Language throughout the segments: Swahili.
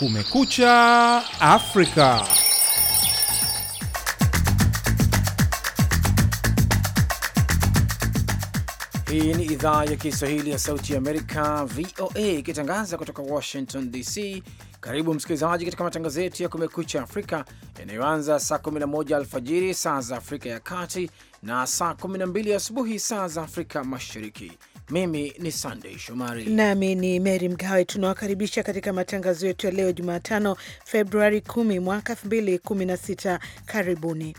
Kumekucha Afrika. Hii ni idhaa ya Kiswahili ya Sauti ya Amerika, VOA, ikitangaza kutoka Washington DC. Karibu msikilizaji katika matangazo yetu ya Kumekucha Afrika yanayoanza saa 11 alfajiri saa za Afrika ya Kati na saa 12 asubuhi saa za Afrika Mashariki mimi ni sandey Shomari nami ni Mary Mgawe. Tunawakaribisha katika matangazo yetu ya leo Jumatano, Februari 10 mwaka 2016. Karibuni.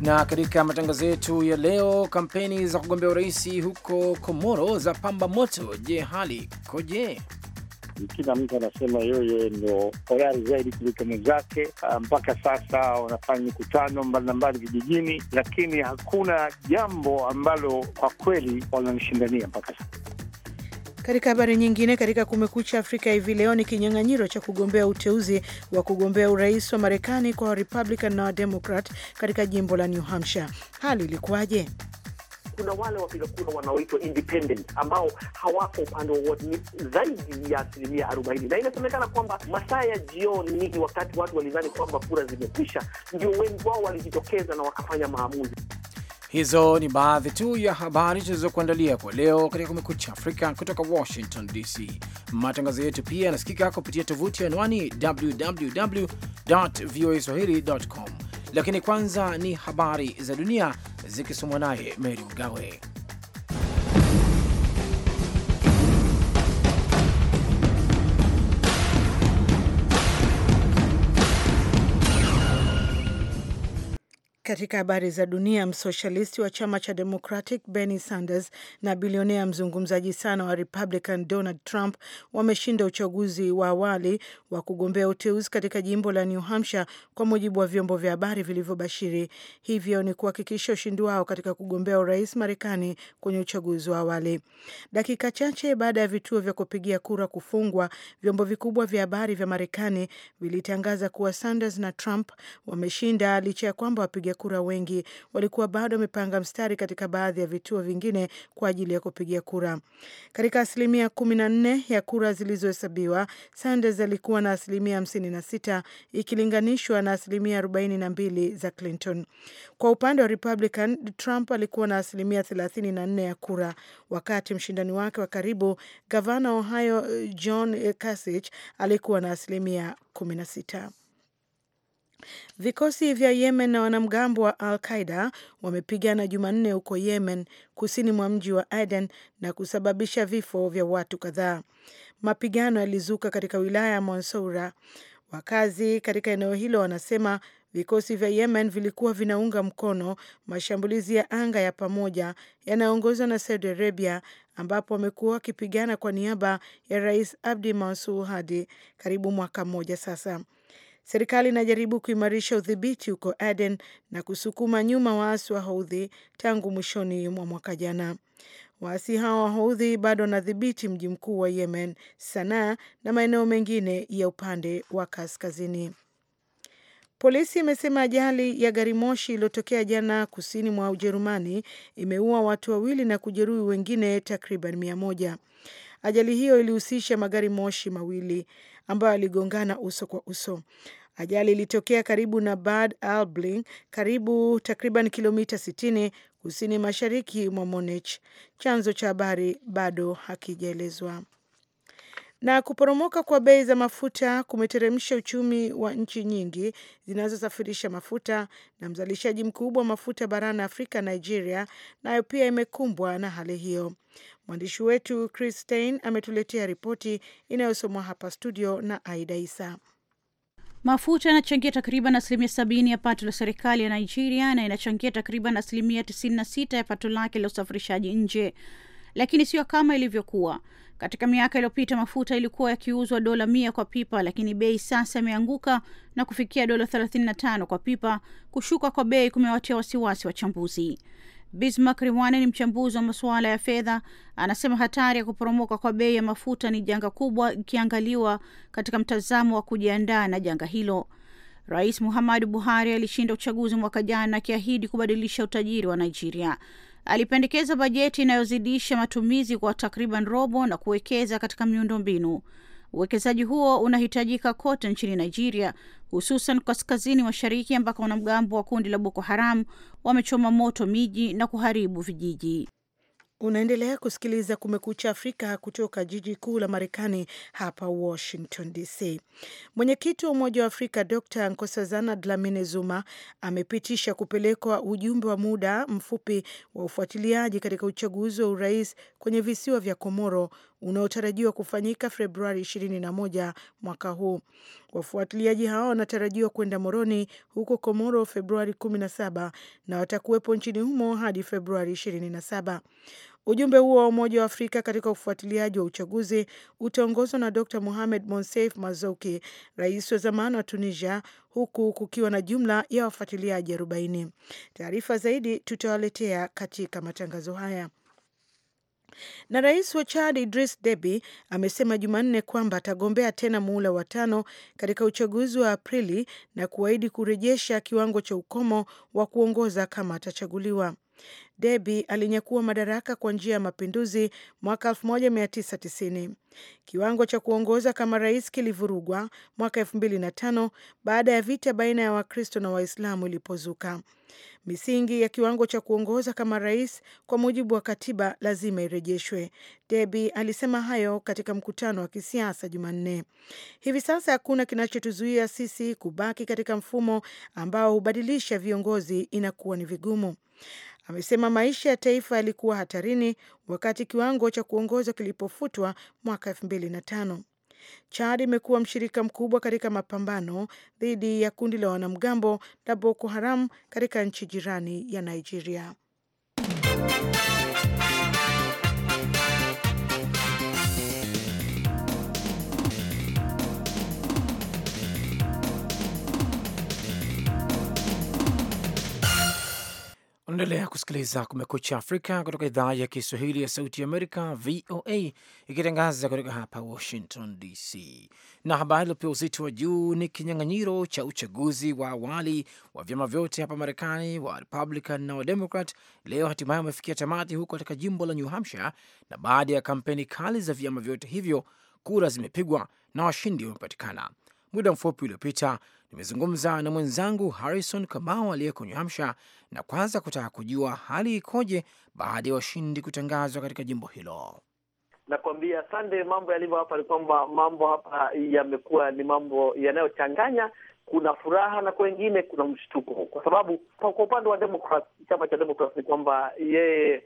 Na katika matangazo yetu ya leo, kampeni za kugombea urais huko Komoro za pamba moto. Je, hali koje kila mtu anasema yeye ndo hodari zaidi kuliko mwenzake. Ah, mpaka sasa wanafanya mikutano mbalimbali vijijini, lakini hakuna jambo ambalo kwa kweli wananishindania mpaka sasa. Katika habari nyingine, katika Kumekucha Afrika hivi leo ni kinyang'anyiro cha kugombea uteuzi wa kugombea urais wa Marekani kwa Warepublican na Wademokrat katika jimbo la New Hampshire. Hali ilikuwaje? kuna wale wapiga kura wanaoitwa independent ambao hawako upande wowote, ni zaidi ya asilimia arobaini, na inasemekana kwamba masaa ya jioni, wakati watu walidhani kwamba kura zimekwisha, ndio wengi wao walijitokeza na wakafanya maamuzi. Hizo ni baadhi tu ya habari tulizokuandalia kwa leo katika Kumekucha Afrika kutoka Washington DC. Matangazo yetu pia yanasikika kupitia tovuti anwani www voa swahili com lakini kwanza ni habari za dunia zikisomwa naye Meri Mgawe. Katika habari za dunia, msosialisti wa chama cha Democratic Bernie Sanders na bilionea mzungumzaji sana wa Republican Donald Trump wameshinda uchaguzi wa awali wa kugombea uteuzi katika jimbo la New Hampshire, kwa mujibu wa vyombo vya habari vilivyobashiri. Hivyo ni kuhakikisha ushindi wao katika kugombea urais Marekani kwenye uchaguzi wa awali. Dakika chache baada ya vituo vya kupigia kura kufungwa, vyombo vikubwa vya habari vya Marekani vilitangaza kuwa Sanders na Trump wameshinda licha ya kwamba wapiga kura wengi walikuwa bado wamepanga mstari katika baadhi ya vituo vingine kwa ajili ya kupigia kura. Katika asilimia kumi na nne ya kura zilizohesabiwa, Sanders alikuwa na asilimia hamsini na sita ikilinganishwa na asilimia arobaini na mbili za Clinton. Kwa upande wa Republican, Trump alikuwa na asilimia thelathini na nne ya kura, wakati mshindani wake wa karibu gavana wa Ohio John Kasich alikuwa na asilimia kumi na sita. Vikosi vya Yemen na wanamgambo wa Al Qaida wamepigana Jumanne huko Yemen, kusini mwa mji wa Aden na kusababisha vifo vya watu kadhaa. Mapigano yalizuka katika wilaya ya Mansoura. Wakazi katika eneo hilo wanasema vikosi vya Yemen vilikuwa vinaunga mkono mashambulizi ya anga ya pamoja yanayoongozwa na Saudi Arabia, ambapo wamekuwa wakipigana kwa niaba ya Rais Abdi Mansur Hadi karibu mwaka mmoja sasa. Serikali inajaribu kuimarisha udhibiti huko Aden na kusukuma nyuma waasi wa Houthi tangu mwishoni mwa mwaka jana. Waasi hao wa Houthi bado wanadhibiti mji mkuu wa Yemen, Sanaa, na maeneo mengine ya upande wa kaskazini. Polisi imesema ajali ya gari moshi iliyotokea jana kusini mwa Ujerumani imeua watu wawili na kujeruhi wengine takriban mia moja. Ajali hiyo ilihusisha magari moshi mawili ambayo yaligongana uso kwa uso. Ajali ilitokea karibu na Bad Albling, karibu takriban kilomita 60 kusini mashariki mwa Monich. Chanzo cha habari bado hakijaelezwa. Na kuporomoka kwa bei za mafuta kumeteremsha uchumi wa nchi nyingi zinazosafirisha mafuta, na mzalishaji mkubwa wa mafuta barani Afrika, Nigeria, nayo pia imekumbwa na hali hiyo. Mwandishi wetu Chris Stein ametuletea ripoti inayosomwa hapa studio na Aida Isa. Mafuta yanachangia takriban asilimia sabini ya pato la serikali ya Nigeria na inachangia takriban asilimia tisini na sita ya pato lake la usafirishaji nje, lakini sio kama ilivyokuwa. Katika miaka iliyopita mafuta ilikuwa yakiuzwa dola mia kwa pipa, lakini bei sasa imeanguka na kufikia dola 35 kwa pipa. Kushuka kwa bei kumewatia wasiwasi wachambuzi. Bismarck Rimwane ni mchambuzi wa masuala ya fedha, anasema hatari ya kuporomoka kwa bei ya mafuta ni janga kubwa ikiangaliwa katika mtazamo wa kujiandaa na janga hilo. Rais Muhammadu Buhari alishinda uchaguzi mwaka jana akiahidi kubadilisha utajiri wa Nigeria alipendekeza bajeti inayozidisha matumizi kwa takriban robo na kuwekeza katika miundo mbinu Uwekezaji huo unahitajika kote nchini Nigeria, hususan kaskazini mashariki ambako wanamgambo wa kundi la Boko Haram wamechoma moto miji na kuharibu vijiji. Unaendelea kusikiliza Kumekucha Afrika kutoka jiji kuu la Marekani, hapa Washington DC. Mwenyekiti wa Umoja wa Afrika Dr Nkosazana Dlamini Zuma amepitisha kupelekwa ujumbe wa muda mfupi wa ufuatiliaji katika uchaguzi wa urais kwenye visiwa vya Komoro unaotarajiwa kufanyika Februari 21 mwaka huu. Wafuatiliaji hao wanatarajiwa kwenda Moroni huko Komoro Februari 17 na watakuwepo nchini humo hadi Februari 27. Ujumbe huo wa Umoja wa Afrika katika ufuatiliaji wa uchaguzi utaongozwa na Dr Mohamed Monsef Mazouki, rais wa zamani wa Tunisia, huku kukiwa na jumla ya wafuatiliaji arobaini. Taarifa zaidi tutawaletea katika matangazo haya. Na rais wa Chad Idris Deby amesema Jumanne kwamba atagombea tena muhula wa tano katika uchaguzi wa Aprili na kuahidi kurejesha kiwango cha ukomo wa kuongoza kama atachaguliwa. Deby alinyakua madaraka kwa njia ya mapinduzi mwaka 1990. Kiwango cha kuongoza kama rais kilivurugwa mwaka 2005 baada ya vita baina ya Wakristo na Waislamu ilipozuka. Misingi ya kiwango cha kuongoza kama rais kwa mujibu wa katiba lazima irejeshwe. Deby alisema hayo katika mkutano wa kisiasa Jumanne. Hivi sasa hakuna kinachotuzuia sisi kubaki katika mfumo ambao hubadilisha viongozi, inakuwa ni vigumu amesema maisha ya taifa yalikuwa hatarini wakati kiwango cha kuongoza kilipofutwa mwaka tano. Chad imekuwa mshirika mkubwa katika mapambano dhidi ya kundi la wanamgambo la Boko Haram katika nchi jirani ya Nigeria. Unaendelea kusikiliza Kumekucha Afrika kutoka idhaa ya Kiswahili ya Sauti ya Amerika, VOA, ikitangaza kutoka hapa Washington DC. Na habari iliopewa uzito wa juu ni kinyang'anyiro cha uchaguzi wa awali wa vyama vyote hapa Marekani, wa Republican na Wademokrat, leo hatimaye wamefikia tamati huko katika jimbo la New Hampshire, na baada ya kampeni kali za vyama vyote hivyo, kura zimepigwa na washindi wamepatikana. Muda mfupi uliopita nimezungumza na mwenzangu Harrison Kamau aliyeko New Hampshire, na kwanza kutaka kujua hali ikoje baada ya washindi kutangazwa katika jimbo hilo. Nakwambia sande, mambo yalivyo hapa ni kwamba mambo hapa yamekuwa ni mambo yanayochanganya. Kuna furaha na kwa wengine kuna mshtuko, kwa sababu kwa upande wa Demokrat, chama cha Democrat ni kwamba yeye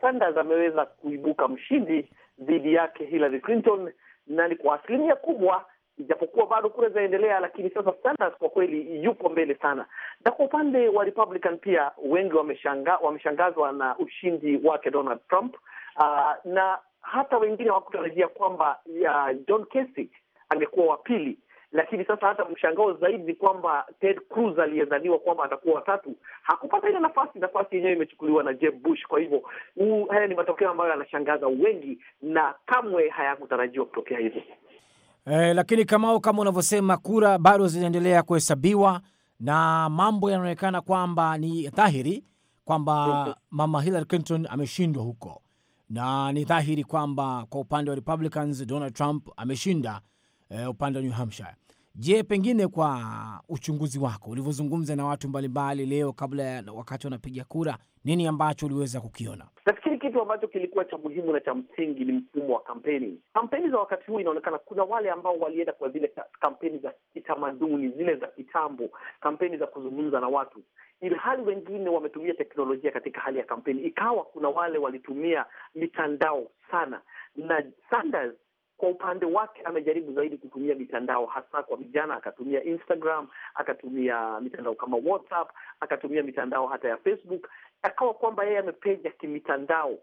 Sanders ameweza kuibuka mshindi dhidi yake Hillary Clinton, na ni kwa asilimia kubwa ijapokuwa bado kura zinaendelea, lakini sasa Sanders kwa kweli yupo mbele sana. Na kwa upande wa Republican pia wengi wameshanga, wameshangazwa na ushindi wake Donald Trump. Uh, na hata wengine hawakutarajia kwamba uh, John Kasich angekuwa wa pili, lakini sasa hata mshangao zaidi ni kwamba Ted Cruz aliyedhaniwa kwamba atakuwa watatu hakupata ile nafasi. Nafasi yenyewe imechukuliwa na Jeb Bush. Kwa hivyo haya ni matokeo ambayo yanashangaza wengi na kamwe hayakutarajiwa kutokea hivyo. Eh, lakini Kamao, kama unavyosema, kura bado zinaendelea kuhesabiwa na mambo yanaonekana kwamba ni dhahiri kwamba mama Hillary Clinton ameshindwa huko, na ni dhahiri kwamba kwa upande wa Republicans Donald Trump ameshinda eh, upande wa New Hampshire. Je, pengine kwa uchunguzi wako ulivyozungumza na watu mbalimbali leo, kabla ya wakati wanapiga kura, nini ambacho uliweza kukiona? Nafikiri kitu ambacho kilikuwa cha muhimu na cha msingi ni mfumo wa kampeni. Kampeni za wakati huu inaonekana kuna wale ambao walienda kwa zile kampeni za kitamaduni, zile za kitambo, kampeni za kuzungumza na watu ilhali wengine wametumia teknolojia katika hali ya kampeni. Ikawa kuna wale walitumia mitandao sana, na Sanders kwa upande wake amejaribu zaidi kutumia mitandao hasa kwa vijana, akatumia Instagram, akatumia mitandao kama WhatsApp, akatumia mitandao hata ya Facebook, akawa kwamba yeye amepeja kimitandao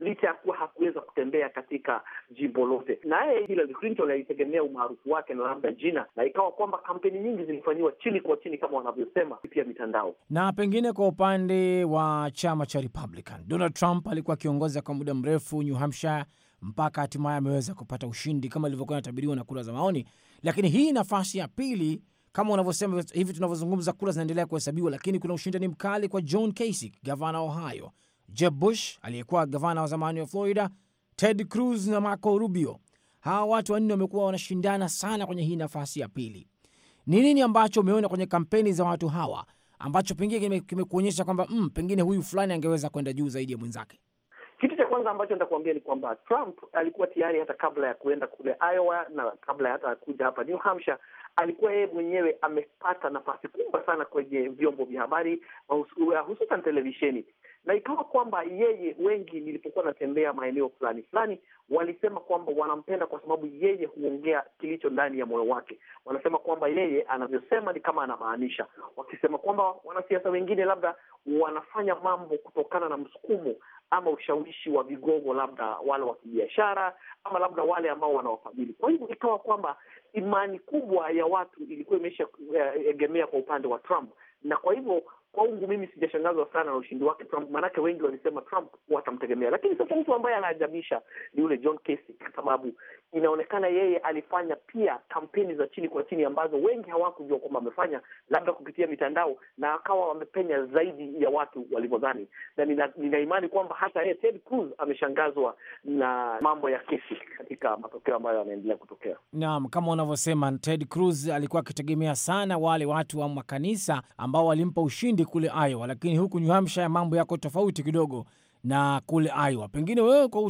licha ya kuwa hakuweza kutembea katika jimbo lote. Naye Hillary Clinton alitegemea umaarufu wake na labda jina, na ikawa kwamba kampeni nyingi zilifanyiwa chini kwa chini kama wanavyosema pia mitandao. Na pengine kwa upande wa chama cha Republican, Donald Trump alikuwa akiongoza kwa muda mrefu New Hampshire mpaka hatimaye ameweza kupata ushindi kama ilivyokuwa inatabiriwa na kura za maoni. Lakini hii nafasi ya pili, kama unavyosema hivi tunavyozungumza, kura zinaendelea kuhesabiwa, lakini kuna ushindani mkali kwa John Kasich, gavana wa Ohio, Jeb Bush aliyekuwa gavana wa zamani wa Florida, Ted Cruz na Marco Rubio. Hawa watu wanne wamekuwa wanashindana sana kwenye hii nafasi ya pili. Ni nini ambacho umeona kwenye kampeni za watu hawa ambacho pengine kimekuonyesha kwamba mm, pengine huyu fulani angeweza kwenda juu zaidi ya mwenzake? kwanza ambacho nitakuambia ni kwamba Trump alikuwa tayari hata kabla ya kuenda kule Iowa na kabla hata kuja hapa New Hampshire, alikuwa yeye mwenyewe amepata nafasi kubwa sana kwenye vyombo vya habari hususan televisheni, na ikawa kwamba yeye, wengi nilipokuwa natembea maeneo fulani fulani, walisema kwamba wanampenda kwa sababu yeye huongea kilicho ndani ya moyo wake. Wanasema kwamba yeye anavyosema ni kama anamaanisha, wakisema kwamba wanasiasa wengine labda wanafanya mambo kutokana na msukumo ama ushawishi wa vigogo labda wale wa kibiashara ama labda wale ambao wanawafadhili. Kwa hivyo ikawa kwamba imani kubwa ya watu ilikuwa imeshaegemea eh, egemea kwa upande wa Trump, na kwa hivyo kwangu mimi sijashangazwa sana na ushindi wake Trump, maanake wengi walisema Trump watamtegemea. Lakini sasa mtu ambaye anaajabisha ni yule John Kasich, kwa sababu inaonekana yeye alifanya pia kampeni za chini kwa chini ambazo wengi hawakujua kwamba amefanya, labda kupitia mitandao, na akawa wamepenya zaidi ya watu walivyodhani, na nina, nina imani kwamba hata yeye Ted Cruz ameshangazwa na mambo ya kesi katika matokeo ambayo yanaendelea kutokea. Naam, kama unavyosema, Ted Cruz alikuwa akitegemea sana wale watu wa makanisa ambao walimpa ushindi kule Iowa, lakini huku New Hampshire mambo yako tofauti kidogo na kule Iowa. Pengine wewe kwa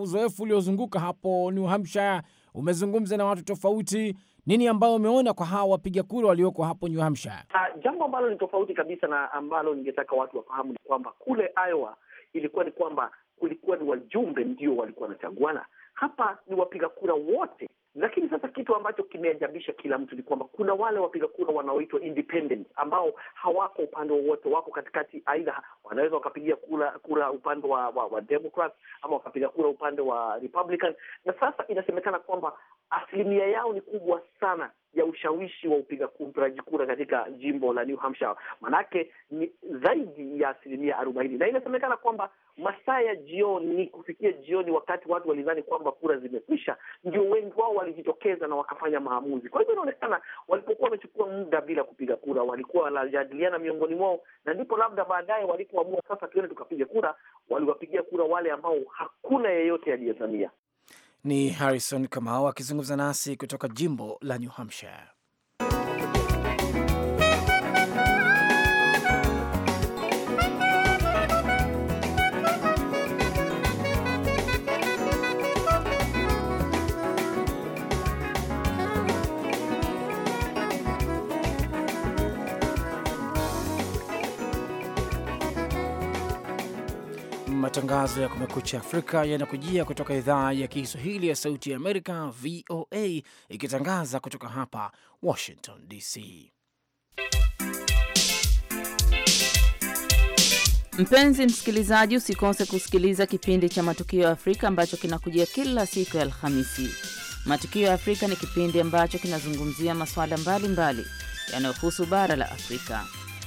uzoefu uliozunguka hapo New Hampshire, umezungumza na watu tofauti nini ambayo umeona kwa hawa wapiga kura walioko hapo New Hampshire? Uh, jambo ambalo ni tofauti kabisa na ambalo ningetaka watu wafahamu ni kwamba kule Iowa ilikuwa ni kwamba kulikuwa ni wajumbe ndio walikuwa wanachaguana. Hapa ni wapiga kura wote lakini sasa kitu ambacho kimeajabisha kila mtu ni kwamba kuna wale wapiga kura wanaoitwa independent ambao hawako upande wowote, wako katikati, aidha wanaweza wakapigia kura, kura upande wa, wa, wa Democrat ama wakapiga kura upande wa Republican, na sasa inasemekana kwamba asilimia yao ni kubwa sana ya ushawishi wa upiga upigaji kura katika jimbo la New Hampshire, manake ni zaidi ya asilimia arobaini na inasemekana kwamba masaa ya jioni kufikia jioni, wakati watu walidhani kwamba kura zimekwisha, ndio wengi wao walijitokeza na wakafanya maamuzi. Kwa hivyo inaonekana walipokuwa wamechukua muda bila kupiga kura, walikuwa wanajadiliana miongoni mwao, na ndipo labda baadaye walipoamua sasa tuende tukapiga kura, waliwapigia kura wale ambao hakuna yeyote aliyedhania. Ni Harrison Kamau akizungumza nasi kutoka jimbo la New Hampshire. matangazo ya Kumekucha Afrika yanakujia kutoka idhaa ya Kiswahili ya Sauti ya Amerika, VOA, ikitangaza kutoka hapa Washington DC. Mpenzi msikilizaji, usikose kusikiliza kipindi cha Matukio ya Afrika ambacho kinakujia kila siku ya Alhamisi. Matukio ya Afrika ni kipindi ambacho kinazungumzia masuala mbalimbali yanayohusu bara la Afrika.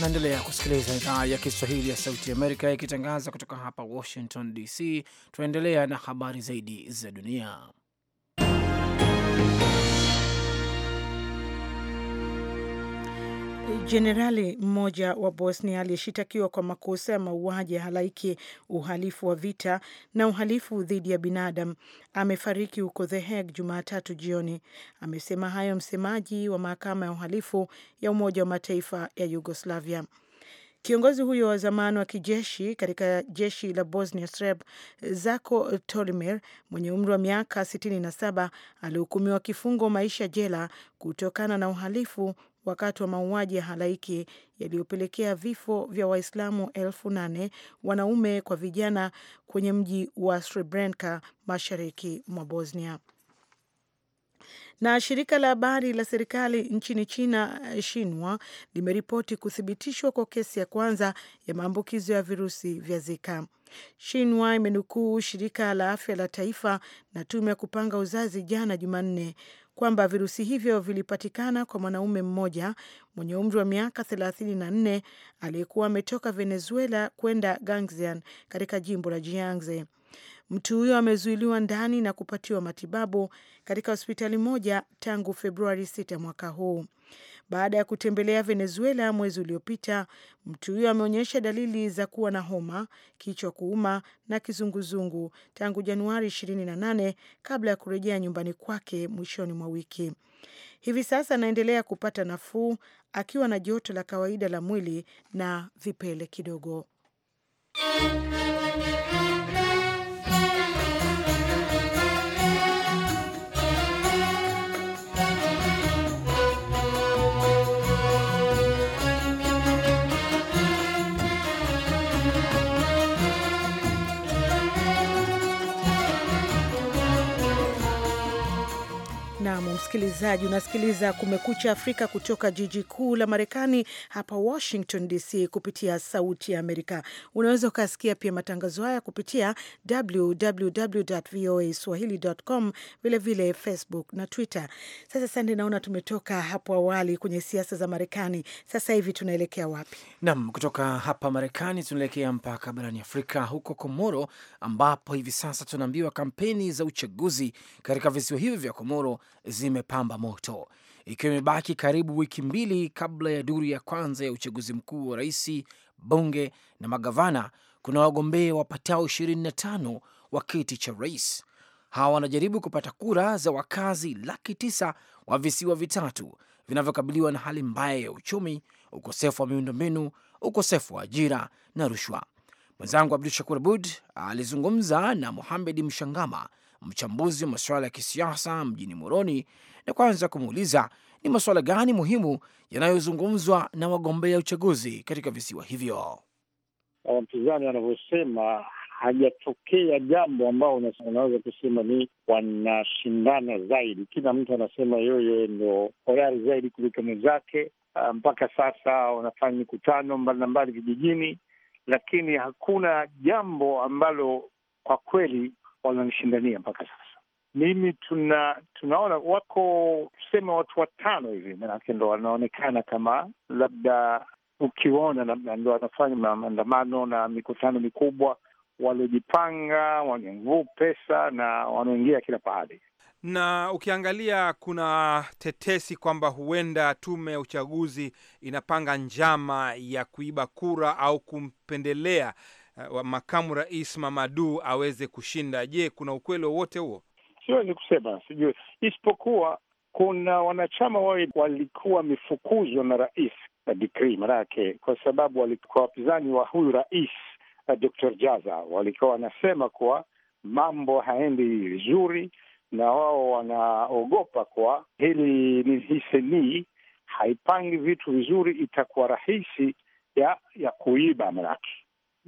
Naendelea kusikiliza idhaa ya Kiswahili ya Sauti Amerika ikitangaza kutoka hapa Washington DC. Tunaendelea na habari zaidi za dunia. Jenerali mmoja wa Bosnia aliyeshitakiwa kwa makosa ya mauaji ya halaiki, uhalifu wa vita na uhalifu dhidi ya binadamu amefariki huko The Hague Jumatatu jioni. Amesema hayo msemaji wa mahakama ya uhalifu ya Umoja wa Mataifa ya Yugoslavia. Kiongozi huyo wa zamani wa kijeshi katika jeshi la Bosnia Srep, Zako Tolimir, mwenye umri wa miaka 67 alihukumiwa kifungo maisha jela kutokana na uhalifu wakati wa mauaji ya halaiki yaliyopelekea vifo vya Waislamu elfu nane wanaume kwa vijana kwenye mji wa Srebrenica mashariki mwa Bosnia. Na shirika la habari la serikali nchini China Shinwa limeripoti kuthibitishwa kwa kesi ya kwanza ya maambukizo ya virusi vya Zika. Shinwa imenukuu shirika la afya la taifa na tume ya kupanga uzazi jana Jumanne kwamba virusi hivyo vilipatikana kwa mwanaume mmoja mwenye umri wa miaka 34 aliyekuwa ametoka Venezuela kwenda Gangzian katika jimbo la Jiangze. Mtu huyo amezuiliwa ndani na kupatiwa matibabu katika hospitali moja tangu Februari 6 mwaka huu. Baada ya kutembelea Venezuela mwezi uliopita, mtu huyo ameonyesha dalili za kuwa na homa, kichwa kuuma na kizunguzungu tangu Januari 28 kabla ya kurejea nyumbani kwake mwishoni mwa wiki. Hivi sasa anaendelea kupata nafuu akiwa na joto la kawaida la mwili na vipele kidogo. drama. msikilizaji, unasikiliza Kumekucha Afrika kutoka jiji kuu la Marekani, hapa Washington DC, kupitia Sauti ya Amerika. Unaweza ukasikia pia matangazo haya kupitia www voa swahilicom, vilevile Facebook na Twitter. Sasa Sande, naona tumetoka hapo awali kwenye siasa za Marekani, sasa hivi tunaelekea wapi? Nam, kutoka hapa Marekani tunaelekea mpaka barani Afrika, huko Komoro, ambapo hivi sasa tunaambiwa kampeni za uchaguzi katika visiwa hivi vya Komoro zi zimepamba moto, ikiwa imebaki karibu wiki mbili kabla ya duru ya kwanza ya uchaguzi mkuu wa rais, bunge na magavana. Kuna wagombea wapatao 25 wa kiti cha rais. Hawa wanajaribu kupata kura za wakazi laki tisa wa visiwa vitatu vinavyokabiliwa na hali mbaya ya uchumi, ukosefu wa miundombinu, ukosefu wa ajira na rushwa. Mwenzangu Abdu Shakur Abud alizungumza na Muhamed Mshangama mchambuzi wa masuala ya kisiasa mjini Moroni, na kwanza kumuuliza ni masuala gani muhimu yanayozungumzwa na wagombea uchaguzi katika visiwa hivyo. Mpinzani anavyosema hajatokea jambo ambao unaweza kusema ni wanashindana zaidi. Kila mtu anasema yeye ndo hodari zaidi kuliko mwenzake. Ah, mpaka sasa wanafanya mikutano mbalimbali vijijini, lakini hakuna jambo ambalo kwa kweli wananishindania mpaka sasa. Mimi tuna tunaona wako tuseme watu watano hivi, manake ndo wanaonekana kama labda ukiona labda ndo wanafanya maandamano na mikutano mikubwa, waliojipanga, wanyanguu pesa na wanaingia kila pahali na ukiangalia kuna tetesi kwamba huenda tume ya uchaguzi inapanga njama ya kuiba kura au kumpendelea Eh, wa makamu rais Mamadu aweze kushinda. Je, kuna ukweli wowote huo? Siwezi kusema, sijui, isipokuwa kuna wanachama wao walikuwa wamefukuzwa na rais na dikri manake kwa sababu walikuwa wapinzani wa huyu rais eh, Dr. Jaza, walikuwa wanasema kuwa mambo haendi vizuri na wao wanaogopa kuwa hili ni hiseni haipangi vitu vizuri, itakuwa rahisi ya ya kuiba manake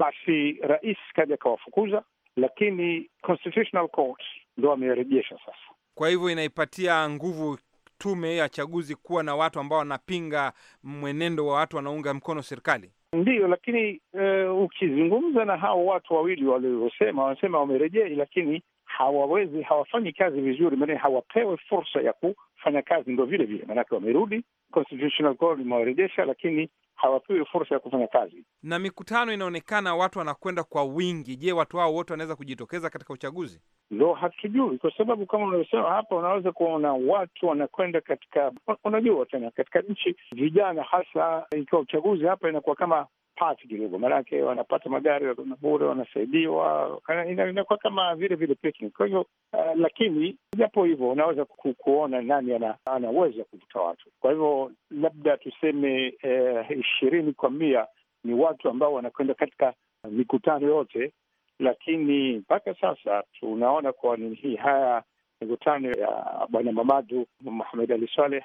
basi rais kaja akawafukuza, lakini Constitutional Court ndo amerejesha sasa. Kwa hivyo inaipatia nguvu tume ya chaguzi kuwa na watu ambao wanapinga mwenendo wa watu wanaunga mkono serikali. Ndiyo, lakini uh, ukizungumza na hao watu wawili waliosema, wanasema wamerejei, lakini hawawezi, hawafanyi kazi vizuri, mane hawapewe fursa ya kufanya kazi, ndo vile vile, maanake wamerudi, Constitutional Court imewarejesha, lakini hawapewi fursa ya kufanya kazi, na mikutano inaonekana watu wanakwenda kwa wingi. Je, watu hao wote wanaweza kujitokeza katika uchaguzi? Ndo hatujui, kwa sababu kama unavyosema hapa, unaweza kuona watu wanakwenda katika, unajua tena, katika nchi vijana, hasa ikiwa uchaguzi hapa inakuwa kama hawapati kidogo, maanake wanapata magari bure, wanasaidiwa, inakuwa kama vile vile picnic. Kwa hivyo uh, lakini japo hivyo unaweza ku, kuona nani ana kuvuta watu. Kwa hivyo labda tuseme eh, ishirini kwa mia ni watu ambao wanakwenda katika mikutano yote, lakini mpaka sasa tunaona kwa nini hii haya mikutano ya Bwana Mamadu Muhamed Ali Saleh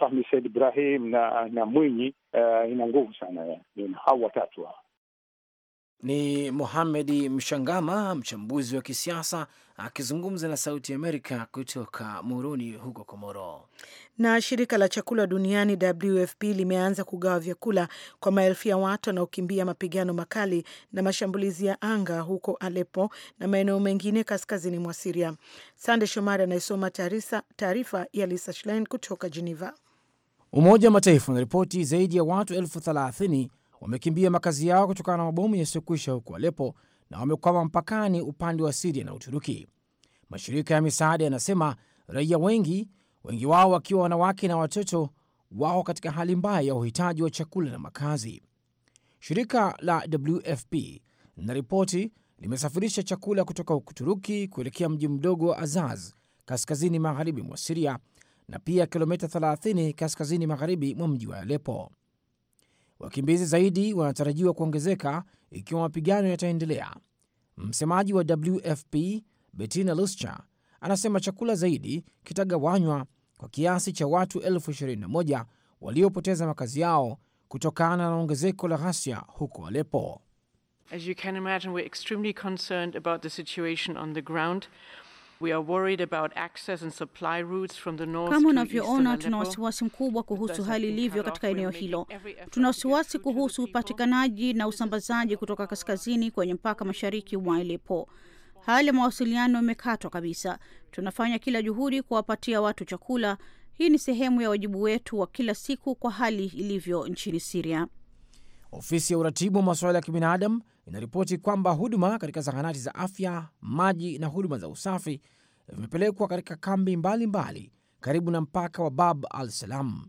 Fahmi Said Ibrahim na na Mwinyi uh, ina nguvu sana, eh, hao watatu hawa. Ni Muhamedi Mshangama, mchambuzi wa kisiasa akizungumza na Sauti ya Amerika kutoka Moroni huko Komoro. Na shirika la chakula duniani WFP limeanza kugawa vyakula kwa maelfu ya watu wanaokimbia mapigano makali na mashambulizi ya anga huko Alepo na maeneo mengine kaskazini mwa Siria. Sande Shomari anayesoma taarifa ya Lisa Schlein kutoka Geneva. Umoja wa Mataifa unaripoti zaidi ya watu elfu thelathini wamekimbia makazi yao kutokana na mabomu yasiyokwisha huko Alepo na wamekwama mpakani upande wa Siria na Uturuki. Mashirika ya misaada yanasema raia wengi, wengi wao wakiwa wanawake na watoto, wao katika hali mbaya ya uhitaji wa chakula na makazi. Shirika la WFP na ripoti limesafirisha chakula kutoka Uturuki kuelekea mji mdogo wa Azaz kaskazini magharibi mwa Siria na pia kilomita 30 kaskazini magharibi mwa mji wa Alepo. Wakimbizi zaidi wanatarajiwa kuongezeka ikiwa mapigano yataendelea. Msemaji wa WFP Bettina Luscha anasema chakula zaidi kitagawanywa kwa kiasi cha watu elfu 21 waliopoteza makazi yao kutokana na ongezeko la ghasia huko Alepo. As you can imagine, we're extremely concerned about the situation on the ground. Kama unavyoona, tuna wasiwasi mkubwa kuhusu hali ilivyo katika eneo hilo. Tuna wasiwasi kuhusu upatikanaji na usambazaji kutoka kaskazini kwenye mpaka mashariki mwa ilipo Hali ya mawasiliano imekatwa kabisa. Tunafanya kila juhudi kuwapatia watu chakula. Hii ni sehemu ya wajibu wetu wa kila siku kwa hali ilivyo nchini Siria. Ofisi ya uratibu wa masuala ya kibinadamu inaripoti kwamba huduma katika zahanati za afya, maji na huduma za usafi vimepelekwa katika kambi mbalimbali mbali, karibu na mpaka wa Bab al Salam.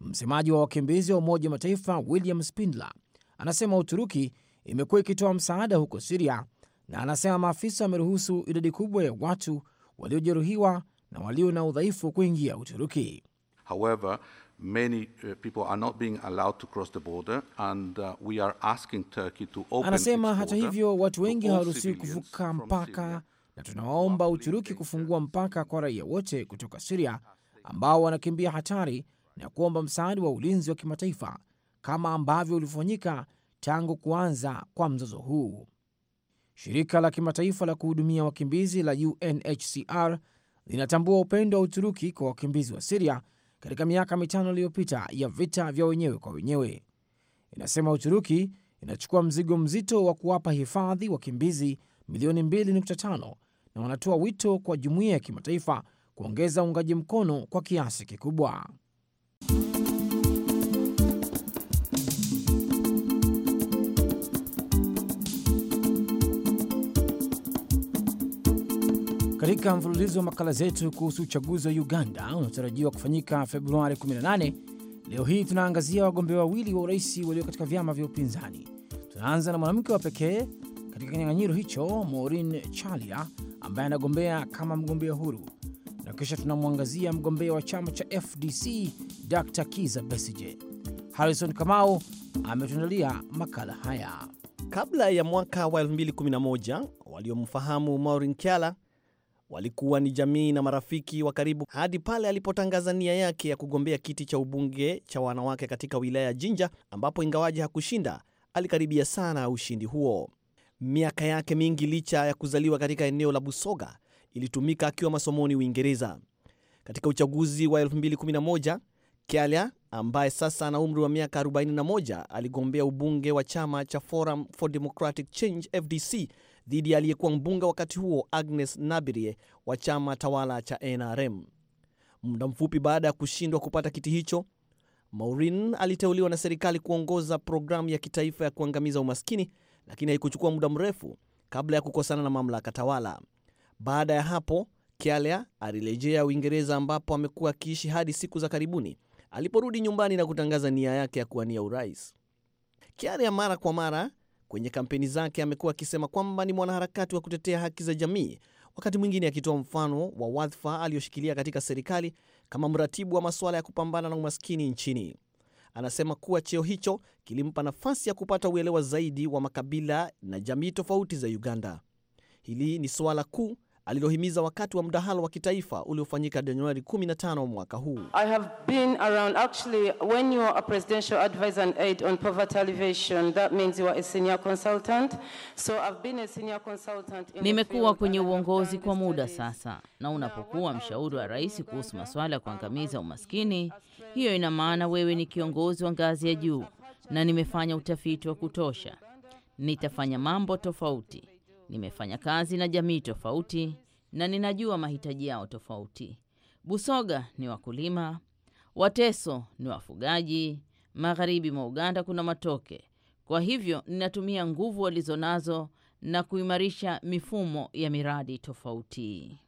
Msemaji wa wakimbizi wa Umoja wa Mataifa William Spindler anasema Uturuki imekuwa ikitoa msaada huko Siria, na anasema maafisa wameruhusu idadi kubwa ya watu waliojeruhiwa na walio na udhaifu kuingia Uturuki. However, Many, uh, people are not being allowed to cross the border and, uh, we are asking Turkey to open. Anasema hata hivyo watu wengi hawaruhusiwi kuvuka mpaka na tunawaomba Uturuki kufungua mpaka kwa raia wote kutoka Siria ambao wanakimbia hatari na kuomba msaada wa ulinzi wa kimataifa kama ambavyo ulivyofanyika tangu kuanza kwa mzozo huu. Shirika la kimataifa la kuhudumia wakimbizi la UNHCR linatambua upendo wa Uturuki kwa wakimbizi wa Siria katika miaka mitano iliyopita ya vita vya wenyewe kwa wenyewe. Inasema Uturuki inachukua mzigo mzito wa kuwapa hifadhi wakimbizi milioni 2.5 na wanatoa wito kwa jumuiya ya kimataifa kuongeza uungaji mkono kwa kiasi kikubwa. Katika mfululizo wa makala zetu kuhusu uchaguzi wa Uganda unaotarajiwa kufanyika Februari 18, leo hii tunaangazia wagombea wawili wa urais walio katika vyama vya upinzani. Tunaanza na mwanamke wa pekee katika kinyang'anyiro hicho, Maureen Chalia ambaye anagombea kama mgombea huru, na kisha tunamwangazia mgombea wa chama cha FDC Dr. Kiza Besije. Harrison Kamau ametuandalia makala haya. Kabla ya mwaka wa 2011 waliomfahamu Maureen kala walikuwa ni jamii na marafiki wa karibu hadi pale alipotangaza nia yake ya kugombea kiti cha ubunge cha wanawake katika wilaya ya Jinja, ambapo ingawaji hakushinda, alikaribia sana ushindi huo. Miaka yake mingi, licha ya kuzaliwa katika eneo la Busoga, ilitumika akiwa masomoni Uingereza. Katika uchaguzi wa 2011 Kyalia ambaye sasa ana umri wa miaka 41 aligombea ubunge wa chama cha Forum for Democratic Change FDC dhidi ya aliyekuwa mbunge wakati huo Agnes Nabirie wa chama tawala cha NRM. Muda mfupi baada ya kushindwa kupata kiti hicho, Maureen aliteuliwa na serikali kuongoza programu ya kitaifa ya kuangamiza umaskini, lakini haikuchukua muda mrefu kabla ya kukosana na mamlaka tawala. Baada ya hapo, Kealia alirejea Uingereza ambapo amekuwa akiishi hadi siku za karibuni aliporudi nyumbani na kutangaza nia yake ya kuwania urais. Kealia mara kwa mara Kwenye kampeni zake amekuwa akisema kwamba ni mwanaharakati wa kutetea haki za jamii, wakati mwingine akitoa mfano wa wadhifa aliyoshikilia katika serikali kama mratibu wa masuala ya kupambana na umaskini nchini. Anasema kuwa cheo hicho kilimpa nafasi ya kupata uelewa zaidi wa makabila na jamii tofauti za Uganda. Hili ni suala kuu alilohimiza wakati wa mdahalo wa kitaifa uliofanyika Januari 15 mwaka huu. I have been around actually when you are a presidential advisor and aide on poverty alleviation that means you are a senior consultant. So I've been a senior consultant. Nimekuwa kwenye uongozi kwa muda sasa, na unapokuwa mshauri wa rais kuhusu masuala ya kuangamiza umaskini, hiyo ina maana wewe ni kiongozi wa ngazi ya juu, na nimefanya utafiti wa kutosha. Nitafanya mambo tofauti Nimefanya kazi na jamii tofauti na ninajua mahitaji yao tofauti. Busoga ni wakulima, Wateso ni wafugaji. Magharibi mwa Uganda kuna matoke. Kwa hivyo ninatumia nguvu walizonazo na kuimarisha mifumo ya miradi tofauti.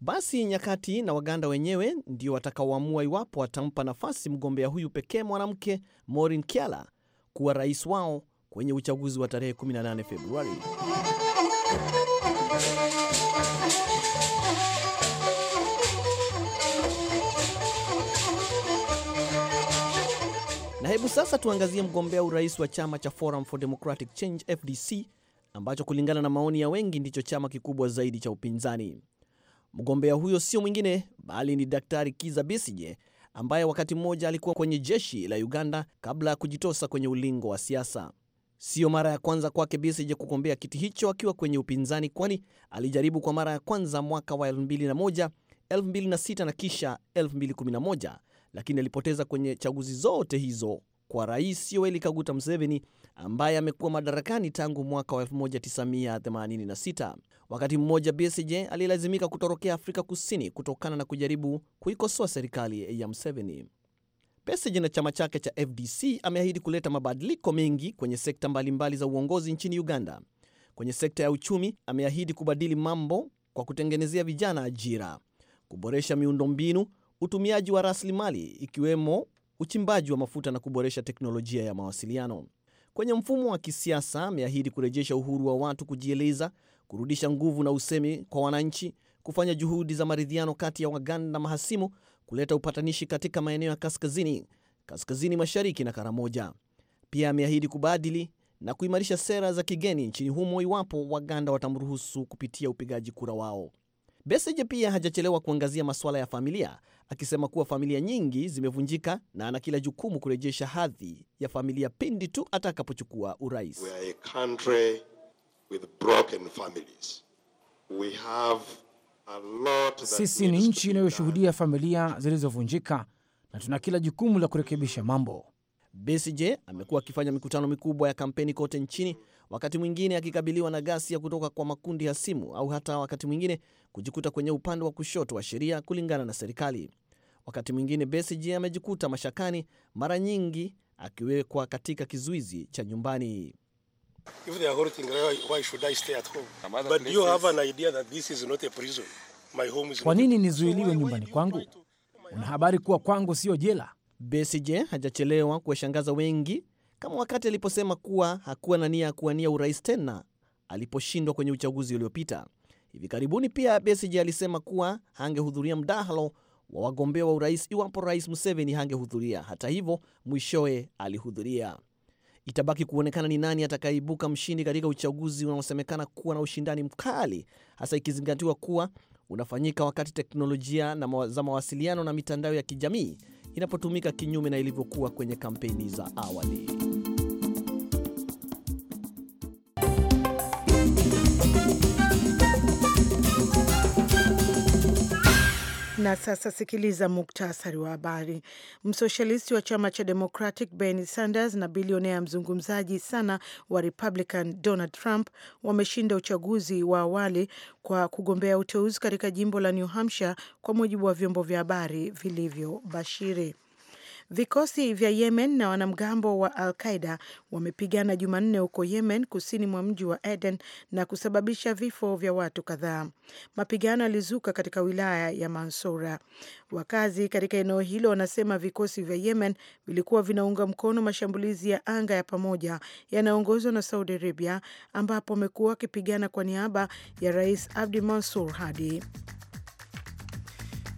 Basi nyakati na Waganda wenyewe ndio watakaoamua iwapo watampa nafasi mgombea huyu pekee mwanamke Maureen Kyala kuwa rais wao kwenye uchaguzi wa tarehe 18 Februari. Na hebu sasa tuangazie mgombea urais wa chama cha Forum for Democratic Change FDC ambacho kulingana na maoni ya wengi ndicho chama kikubwa zaidi cha upinzani. Mgombea huyo sio mwingine bali ni Daktari Kiza bisije ambaye wakati mmoja alikuwa kwenye jeshi la Uganda kabla ya kujitosa kwenye ulingo wa siasa. Sio mara ya kwanza kwake Besije kugombea kiti hicho akiwa kwenye upinzani, kwani alijaribu kwa mara ya kwanza mwaka wa 2001, 2006 na kisha 2011 lakini alipoteza kwenye chaguzi zote hizo kwa Rais Yoweri Kaguta Museveni ambaye amekuwa madarakani tangu mwaka wa 1986. Wakati mmoja, BSJ alilazimika kutorokea Afrika Kusini kutokana na kujaribu kuikosoa serikali ya Museveni. Besigye na chama chake cha FDC ameahidi kuleta mabadiliko mengi kwenye sekta mbalimbali za uongozi nchini Uganda. Kwenye sekta ya uchumi, ameahidi kubadili mambo kwa kutengenezea vijana ajira, kuboresha miundombinu utumiaji wa rasilimali ikiwemo uchimbaji wa mafuta na kuboresha teknolojia ya mawasiliano. Kwenye mfumo wa kisiasa, ameahidi kurejesha uhuru wa watu kujieleza, kurudisha nguvu na usemi kwa wananchi, kufanya juhudi za maridhiano kati ya Waganda na mahasimu, kuleta upatanishi katika maeneo ya kaskazini, kaskazini mashariki na Karamoja. Pia ameahidi kubadili na kuimarisha sera za kigeni nchini humo iwapo Waganda watamruhusu kupitia upigaji kura wao. Besigye pia hajachelewa kuangazia masuala ya familia, akisema kuwa familia nyingi zimevunjika na ana kila jukumu kurejesha hadhi ya familia pindi tu atakapochukua urais. Sisi ni nchi inayoshuhudia familia zilizovunjika na tuna kila jukumu la kurekebisha mambo. Besigye amekuwa akifanya mikutano mikubwa ya kampeni kote nchini wakati mwingine akikabiliwa na ghasia kutoka kwa makundi hasimu au hata wakati mwingine kujikuta kwenye upande wa kushoto wa sheria kulingana na serikali. Wakati mwingine Besigye amejikuta mashakani, mara nyingi akiwekwa katika kizuizi cha nyumbani. Kwa nini nizuiliwe nyumbani kwangu? Una habari kuwa kwangu siyo jela? Besigye hajachelewa kuwashangaza wengi kama wakati aliposema kuwa hakuwa na nia ya kuwania urais tena aliposhindwa kwenye uchaguzi uliopita. Hivi karibuni pia Besigye alisema kuwa hangehudhuria mdahalo wa wagombea wa urais iwapo Rais Museveni hangehudhuria. Hata hivyo, mwishowe alihudhuria. Itabaki kuonekana ni nani atakayeibuka mshindi katika uchaguzi unaosemekana kuwa na ushindani mkali, hasa ikizingatiwa kuwa unafanyika wakati teknolojia na za mawasiliano na mitandao ya kijamii inapotumika kinyume na ilivyokuwa kwenye kampeni za awali. Na sasa sikiliza muktasari wa habari. Msoshalisti wa chama cha Democratic Bernie Sanders na bilionea mzungumzaji sana wa Republican Donald Trump wameshinda uchaguzi wa awali kwa kugombea uteuzi katika jimbo la New Hampshire, kwa mujibu wa vyombo vya habari vilivyobashiri. Vikosi vya Yemen na wanamgambo wa Al Qaida wamepigana Jumanne huko Yemen, kusini mwa mji wa Aden na kusababisha vifo vya watu kadhaa. Mapigano yalizuka katika wilaya ya Mansura. Wakazi katika eneo hilo wanasema vikosi vya Yemen vilikuwa vinaunga mkono mashambulizi ya anga ya pamoja yanayoongozwa na Saudi Arabia, ambapo wamekuwa wakipigana kwa niaba ya Rais Abdi Mansur Hadi.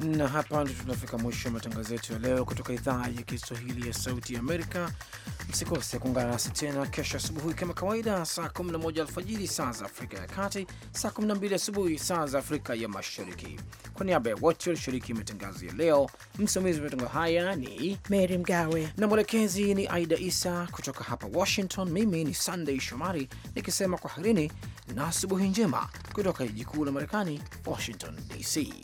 Na hapa ndio tunafika mwisho wa matangazo yetu ya leo kutoka idhaa ya Kiswahili ya Sauti ya Amerika. Msikose kuungana nasi tena kesho asubuhi kama kawaida, saa 11 alfajiri saa za Afrika ya Kati, saa 12 asubuhi saa za Afrika ya Mashariki. Kwa niaba ya wote walishiriki matangazo ya leo, msimamizi wa matangazo haya ni Mary Mgawe na mwelekezi ni Aida Isa. Kutoka hapa Washington, mimi ni sandey Shomari nikisema kwaherini na asubuhi njema kutoka jiji kuu la Marekani, Washington DC.